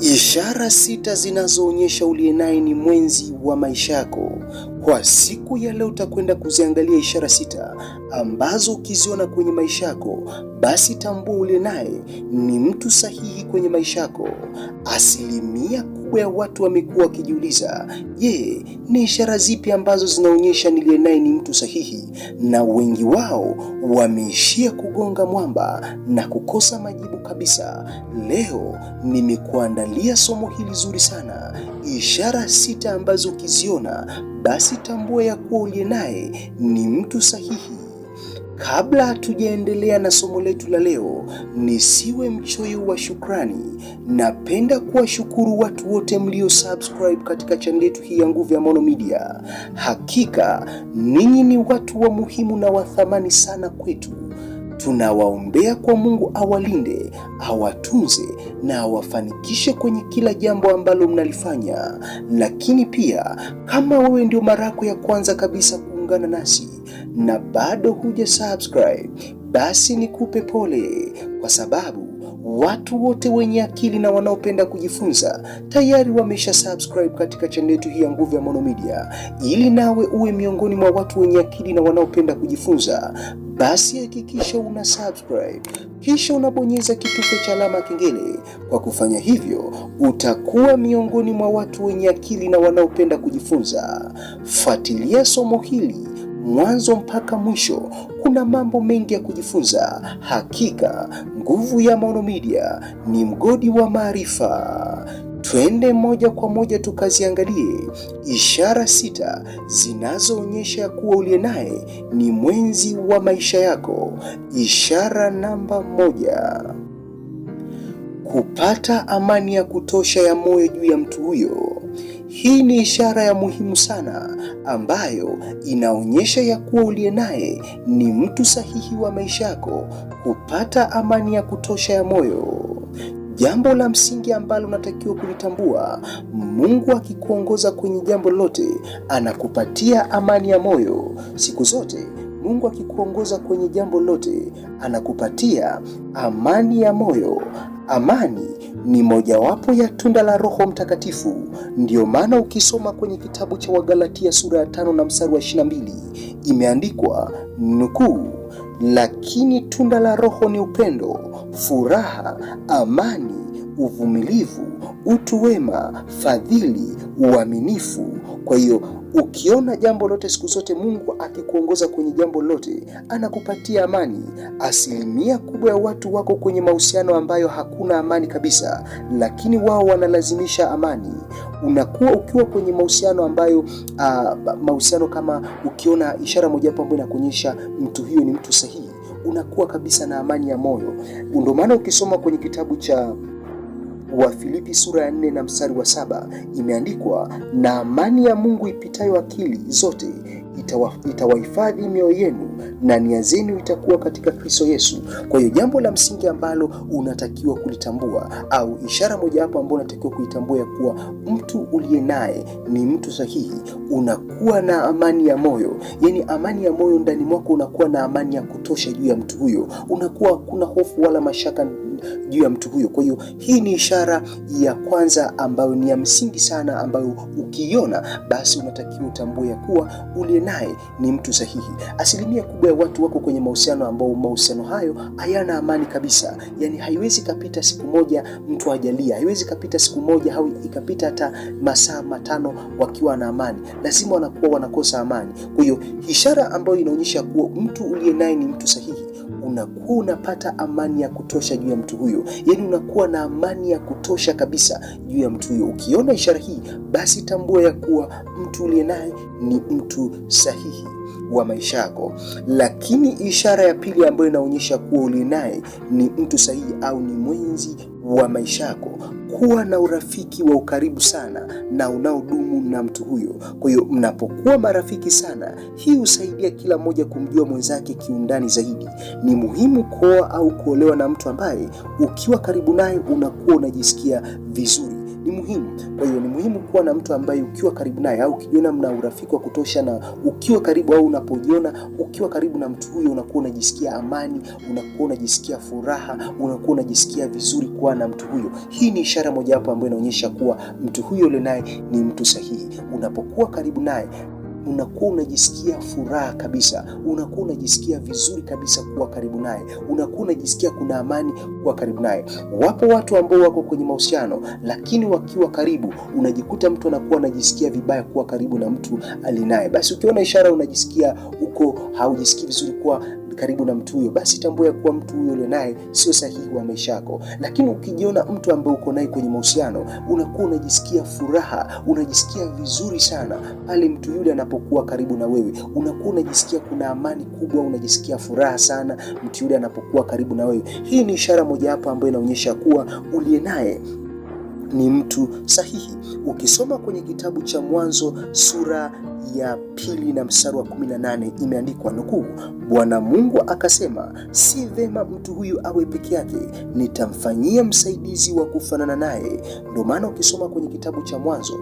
Ishara sita zinazoonyesha uliye naye ni mwenzi wa maisha yako. Kwa siku ya leo utakwenda kuziangalia ishara sita ambazo ukiziona kwenye maisha yako, basi tambua uliye naye ni mtu sahihi kwenye maisha yako. Asilimia kubwa ya watu wamekuwa wakijiuliza, je, ni ishara zipi ambazo zinaonyesha niliye naye ni mtu sahihi na wengi wao wameishia kugonga mwamba na kukosa majibu kabisa. Leo nimekuandalia somo hili zuri sana, ishara sita ambazo ukiziona basi tambua ya kuwa uliye naye ni mtu sahihi Kabla tujaendelea na somo letu la leo, nisiwe mchoyo wa shukrani. Napenda kuwashukuru watu wote mlio subscribe katika chaneli yetu hii ya Nguvu ya Maono Media. Hakika ninyi ni watu wa muhimu na wa thamani sana kwetu. Tunawaombea kwa Mungu awalinde, awatunze na awafanikishe kwenye kila jambo ambalo mnalifanya. Lakini pia kama wewe ndio mara yako ya kwanza kabisa kuungana nasi na bado huja subscribe, basi nikupe pole, kwa sababu watu wote wenye akili na wanaopenda kujifunza tayari wamesha subscribe katika channel yetu hii ya Nguvu ya Maono Media. Ili nawe uwe miongoni mwa watu wenye akili na wanaopenda kujifunza, basi hakikisha una subscribe kisha unabonyeza kitufe cha alama kengele. Kwa kufanya hivyo, utakuwa miongoni mwa watu wenye akili na wanaopenda kujifunza. Fuatilia somo hili mwanzo mpaka mwisho, kuna mambo mengi ya kujifunza. Hakika nguvu ya Maono Media ni mgodi wa maarifa. Twende moja kwa moja tukaziangalie ishara sita zinazoonyesha kuwa uliye naye ni mwenzi wa maisha yako. Ishara namba moja: kupata amani ya kutosha ya moyo juu ya mtu huyo. Hii ni ishara ya muhimu sana ambayo inaonyesha ya kuwa uliye naye ni mtu sahihi wa maisha yako, kupata amani ya kutosha ya moyo. Jambo la msingi ambalo unatakiwa kulitambua, Mungu akikuongoza kwenye jambo lolote, anakupatia amani ya moyo siku zote. Mungu akikuongoza kwenye jambo lolote, anakupatia amani ya moyo. Amani ni mojawapo ya tunda la Roho Mtakatifu. Ndiyo maana ukisoma kwenye kitabu cha Wagalatia sura ya tano na mstari wa 22 imeandikwa nukuu, lakini tunda la Roho ni upendo furaha, amani, uvumilivu, utu wema, fadhili, uaminifu. Kwa hiyo ukiona jambo lote siku zote Mungu akikuongoza kwenye jambo lote anakupatia amani. Asilimia kubwa ya watu wako kwenye mahusiano ambayo hakuna amani kabisa, lakini wao wanalazimisha amani. Unakuwa ukiwa kwenye mahusiano ambayo uh, mahusiano kama ukiona ishara moja ambayo inakuonyesha mtu hiyo ni mtu sahihi unakuwa kabisa na amani ya moyo. Ndio maana ukisoma kwenye kitabu cha Wafilipi sura ya 4 na mstari wa saba imeandikwa, na amani ya Mungu ipitayo akili zote itawahifadhi itawa mioyo yenu na nia zenu itakuwa katika Kristo Yesu. Kwa hiyo jambo la msingi ambalo unatakiwa kulitambua au ishara mojawapo ambayo unatakiwa kuitambua ya kuwa mtu uliye naye ni mtu sahihi, unakuwa na amani ya moyo, yaani amani ya moyo ndani mwako, unakuwa na amani ya kutosha juu ya mtu huyo, unakuwa hakuna hofu wala mashaka juu ya mtu huyo. Kwa hiyo hii ni ishara ya kwanza ambayo ni ya msingi sana, ambayo ukiiona basi unatakiwa utambue ya kuwa uliye naye ni mtu sahihi. Asilimia kubwa ya watu wako kwenye mahusiano ambao mahusiano hayo hayana amani kabisa, yani haiwezi kapita siku moja mtu ajalia, haiwezi kapita siku moja au ikapita hata masaa matano wakiwa na amani, lazima wanakuwa wanakosa amani. Kwa hiyo ishara ambayo inaonyesha kuwa mtu uliye naye ni mtu sahihi unakuwa unapata amani ya kutosha juu ya mtu huyo, yaani unakuwa na amani ya kutosha kabisa juu ya mtu huyo. Ukiona ishara hii, basi tambua ya kuwa mtu uliye naye ni mtu sahihi wa maisha yako. Lakini ishara ya pili ambayo inaonyesha kuwa uli naye ni mtu sahihi au ni mwenzi wa maisha yako, kuwa na urafiki wa ukaribu sana na unaodumu na mtu huyo. Kwa hiyo mnapokuwa marafiki sana, hii husaidia kila mmoja kumjua mwenzake kiundani zaidi. Ni muhimu kuoa au kuolewa na mtu ambaye ukiwa karibu naye unakuwa unajisikia vizuri ni muhimu. Kwa hiyo ni muhimu kuwa na mtu ambaye ukiwa karibu naye au ukijiona mna urafiki wa kutosha, na ukiwa karibu au unapojiona ukiwa karibu na mtu huyo, unakuwa unajisikia amani, unakuwa unajisikia furaha, unakuwa unajisikia vizuri kuwa na mtu huyo. Hii ni ishara mojawapo ambayo inaonyesha kuwa mtu huyo ulionaye ni mtu sahihi. Unapokuwa karibu naye unakuwa unajisikia furaha kabisa, unakuwa unajisikia vizuri kabisa kuwa karibu naye, unakuwa unajisikia kuna amani kuwa karibu naye. Wapo watu ambao wako kwenye mahusiano, lakini wakiwa karibu unajikuta mtu anakuwa anajisikia vibaya kuwa karibu na mtu alinaye. Basi ukiona ishara unajisikia uko haujisikii vizuri kuwa karibu na mtu huyo, basi tambua ya kuwa mtu huyo ulio naye sio sahihi wa maisha yako. Lakini ukijiona mtu ambaye uko naye kwenye mahusiano, unakuwa unajisikia furaha, unajisikia vizuri sana pale mtu yule anapo anapokuwa karibu na wewe, unakuwa unajisikia kuna amani kubwa, unajisikia furaha sana mtu yule anapokuwa karibu na wewe. Hii ni ishara mojawapo ambayo inaonyesha kuwa uliye naye ni mtu sahihi. Ukisoma kwenye kitabu cha Mwanzo sura ya pili na mstari wa 18 imeandikwa nukuu, Bwana Mungu akasema, si vema mtu huyu awe peke yake, nitamfanyia msaidizi wa kufanana naye. Ndio maana ukisoma kwenye kitabu cha Mwanzo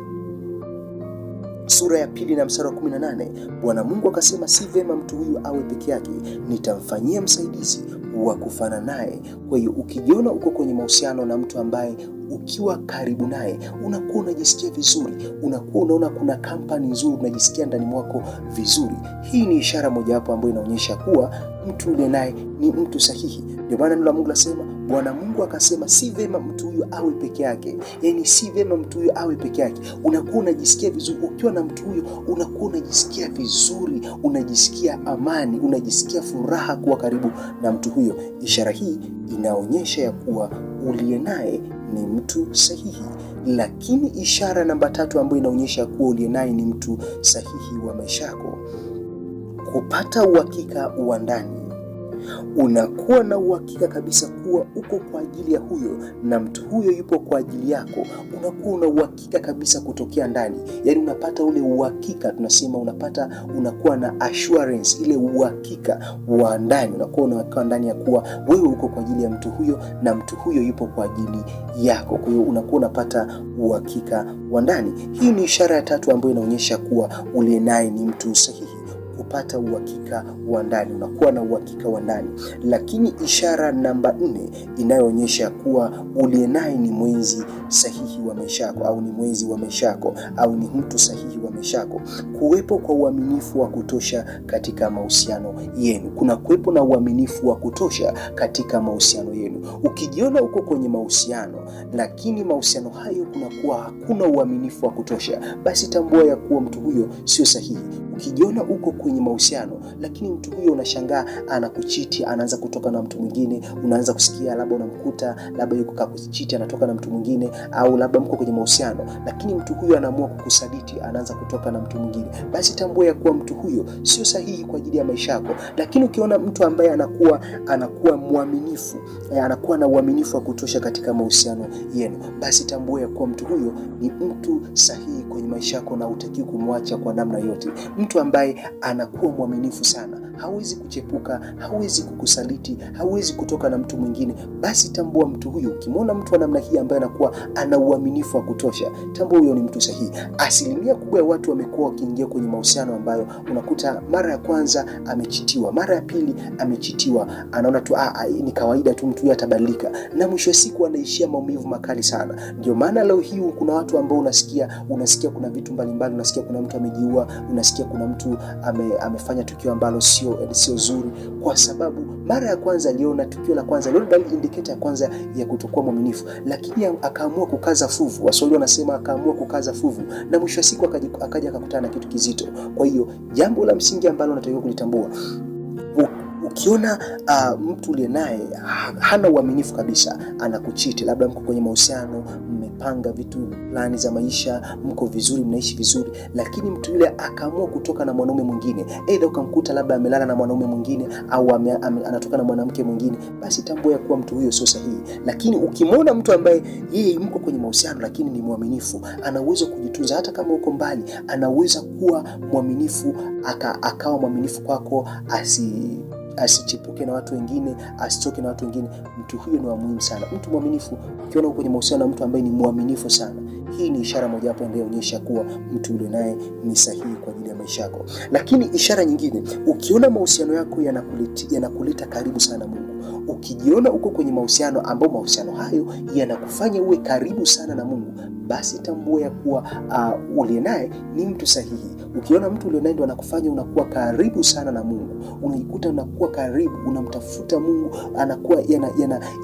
sura ya pili na mstari wa 18, Bwana Mungu akasema, si vema mtu huyu awe peke yake, nitamfanyia msaidizi wa kufana naye. Kwa hiyo ukijiona uko kwenye mahusiano na mtu ambaye ukiwa karibu naye unakuwa unajisikia vizuri, unakuwa unaona kuna kampani nzuri, unajisikia ndani mwako vizuri. Hii ni ishara mojawapo ambayo inaonyesha kuwa mtu ule naye ni mtu sahihi. Ndio maana neno la Mungu lasema, Bwana Mungu akasema, si vema mtu huyo awe peke yake. Yani si vema mtu huyo awe peke yake. Unakuwa unajisikia vizuri ukiwa na mtu huyo, unakuwa unajisikia vizuri, unajisikia amani, unajisikia furaha kuwa karibu na mtu huyo. Ishara hii inaonyesha ya kuwa uliye naye ni mtu sahihi. Lakini ishara namba tatu ambayo inaonyesha kuwa uliye naye ni mtu sahihi wa maisha yako, kupata uhakika wa ndani unakuwa na uhakika kabisa kuwa uko kwa ajili ya huyo na mtu huyo yupo kwa ajili yako. Unakuwa una uhakika kabisa kutokea ndani, yaani unapata ule uhakika, tunasema unapata, unakuwa na assurance ile uhakika wa ndani, unakuwa uhakika ndani ya kuwa wewe uko kwa ajili ya mtu huyo na mtu huyo yupo kwa ajili yako. Kwa hiyo unakuwa unapata uhakika wa ndani. Hii ni ishara ya tatu ambayo inaonyesha kuwa ule naye ni mtu sahihi unapata uhakika wa ndani, unakuwa na uhakika wa ndani. Lakini ishara namba nne inayoonyesha kuwa uliye naye ni mwenzi sahihi wa maisha yako, au ni mwenzi wa maisha yako, au ni mtu sahihi wa maisha yako, kuwepo kwa uaminifu wa kutosha katika mahusiano yenu. Kuna kuwepo na uaminifu wa kutosha katika mahusiano yenu. Ukijiona uko kwenye mahusiano lakini mahusiano hayo kunakuwa hakuna uaminifu wa kutosha, basi tambua ya kuwa mtu huyo sio sahihi. Ukijiona uko kwenye mahusiano, lakini mtu huyo unashangaa anakuchiti, anaanza kutoka na mtu mwingine. Unaanza kusikia labda unamkuta labda yuko kakuchiti, anatoka na mtu mwingine, au labda mko kwenye mahusiano, lakini mtu huyo anaamua kukusaliti, anaanza kutoka na mtu mwingine, basi tambua ya kuwa mtu huyo sio sahihi kwa ajili ya maisha yako. Lakini ukiona mtu ambaye anakuwa anakuwa mwaminifu, e, anakuwa na uaminifu wa kutosha katika mahusiano yenu, basi tambua ya kuwa mtu huyo ni mtu sahihi kwenye maisha yako na hutakiwi kumwacha kwa namna yote. Mtu ambaye ana sana, kuwa mwaminifu sana. Hawezi kuchepuka, hawezi kukusaliti, hawezi kutoka na mtu mwingine. Basi tambua mtu huyo. ukimwona mtu wa namna hii ambaye anakuwa ana uaminifu wa kutosha, tambua huyo ni mtu sahihi. Asilimia kubwa ya watu wamekuwa wakiingia kwenye mahusiano ambayo unakuta mara ya kwanza amechitiwa, mara ya pili amechitiwa, anaona tu ah, ah, ni kawaida tu, mtu huyo atabadilika, na mwisho wa siku anaishia maumivu makali sana. Ndio maana leo hii kuna watu ambao unasikia, unasikia kuna vitu mbalimbali, unasikia kuna mtu amejiua, unasikia kuna mtu ame amefanya tukio ambalo sio sio zuri, kwa sababu mara ya kwanza aliona tukio la kwanza lilo dalili indicator ya kwanza ya kutokuwa mwaminifu, lakini akaamua kukaza fuvu. Waswahili wanasema akaamua kukaza fuvu, na mwisho wa siku akaja akakutana na kitu kizito. Kwa hiyo jambo la msingi ambalo unatakiwa kulitambua ukiona uh, mtu uliye naye hana uaminifu kabisa, anakuchiti, labda mko kwenye mahusiano, mmepanga vitu plani za maisha, mko vizuri, mnaishi vizuri, lakini mtu yule akaamua kutoka na mwanaume mwingine, aidha ukamkuta labda amelala na mwanaume mwingine au ame, ame, anatoka na mwanamke mwingine, basi tambua ya kuwa mtu huyo sio sahihi. Lakini ukimwona mtu ambaye yeye mko kwenye mahusiano, lakini ni mwaminifu, ana uwezo kujitunza, hata kama uko mbali, anaweza kuwa mwaminifu, akawa mwaminifu kwako asi asichepuke na watu wengine, asitoke na watu wengine. Mtu huyo ni wa muhimu sana. Mtu mwaminifu, ukiona kwenye mahusiano na mtu ambaye ni mwaminifu sana, hii ni ishara mojawapo inayoonyesha kuwa mtu ule naye ni sahihi kwa ajili ya maisha yako. Lakini ishara nyingine, ukiona mahusiano yako yanakuleta yanakuleta karibu sana Mungu ukijiona uko kwenye mahusiano ambayo mahusiano hayo yanakufanya uwe karibu sana na Mungu, basi tambua ya kuwa uh, uliye naye ni mtu sahihi. Ukiona mtu ulionaye ndo anakufanya unakuwa karibu sana na Mungu, unaikuta unakuwa karibu, unamtafuta Mungu, anakuwa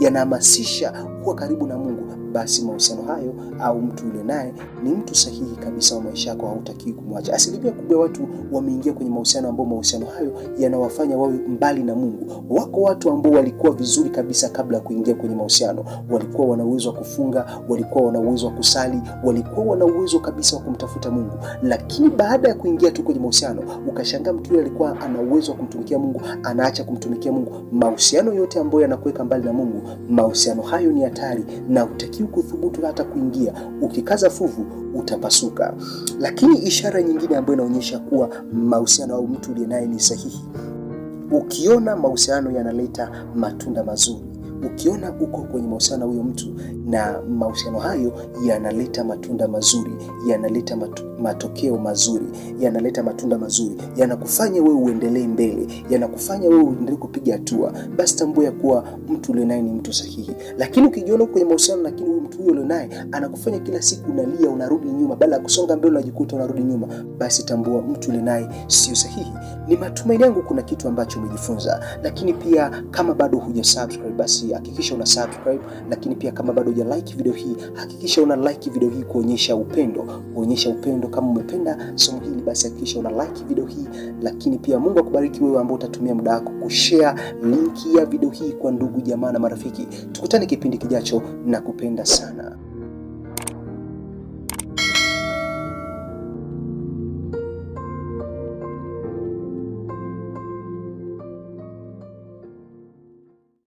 yanahamasisha yana, yana kuwa karibu na Mungu, basi mahusiano hayo au mtu yule naye ni mtu sahihi kabisa wa maisha yako, hautakiwi kumwacha. Asilimia kubwa ya watu wameingia kwenye mahusiano ambao mahusiano hayo yanawafanya wawe mbali na Mungu. Wako watu ambao walikuwa vizuri kabisa kabla ya kuingia kwenye mahusiano, walikuwa wana uwezo wa kufunga, walikuwa wana uwezo wa kusali, walikuwa wana uwezo kabisa wa kumtafuta Mungu, lakini baada ya kuingia tu kwenye mahusiano ukashangaa mtu yule alikuwa ana uwezo wa kumtumikia Mungu, anaacha kumtumikia Mungu. Mahusiano yote ambayo yanakuweka mbali na Mungu, mahusiano hayo ni hatari na utakiwa kuthubutu hata kuingia. Ukikaza fuvu utapasuka. Lakini ishara nyingine ambayo inaonyesha kuwa mahusiano au mtu uliye naye ni sahihi, ukiona mahusiano yanaleta matunda mazuri ukiona uko kwenye mahusiano huyo mtu na mahusiano hayo yanaleta matunda mazuri, yanaleta matu, matokeo mazuri, yanaleta matunda mazuri, yanakufanya wewe uendelee mbele, yanakufanya wewe uendelee kupiga hatua, basi tambua ya kuwa mtu ulio naye ni mtu sahihi. Lakini ukijiona kwenye mahusiano, lakini huyu mtu huyo ulio naye anakufanya kila siku unalia, unarudi nyuma, badala ya kusonga mbele unajikuta unarudi nyuma, basi tambua mtu ulio naye sio sahihi. Ni matumaini yangu kuna kitu ambacho umejifunza, lakini pia kama bado hujasubscribe basi hii hakikisha una subscribe, lakini pia kama bado huja like video hii hakikisha una like video hii kuonyesha upendo, kuonyesha upendo. Kama umependa somo hili, basi hakikisha una like video hii, lakini pia Mungu akubariki wewe ambao utatumia muda wako kushare linki ya video hii kwa ndugu jamaa na marafiki. Tukutane kipindi kijacho na kupenda sana.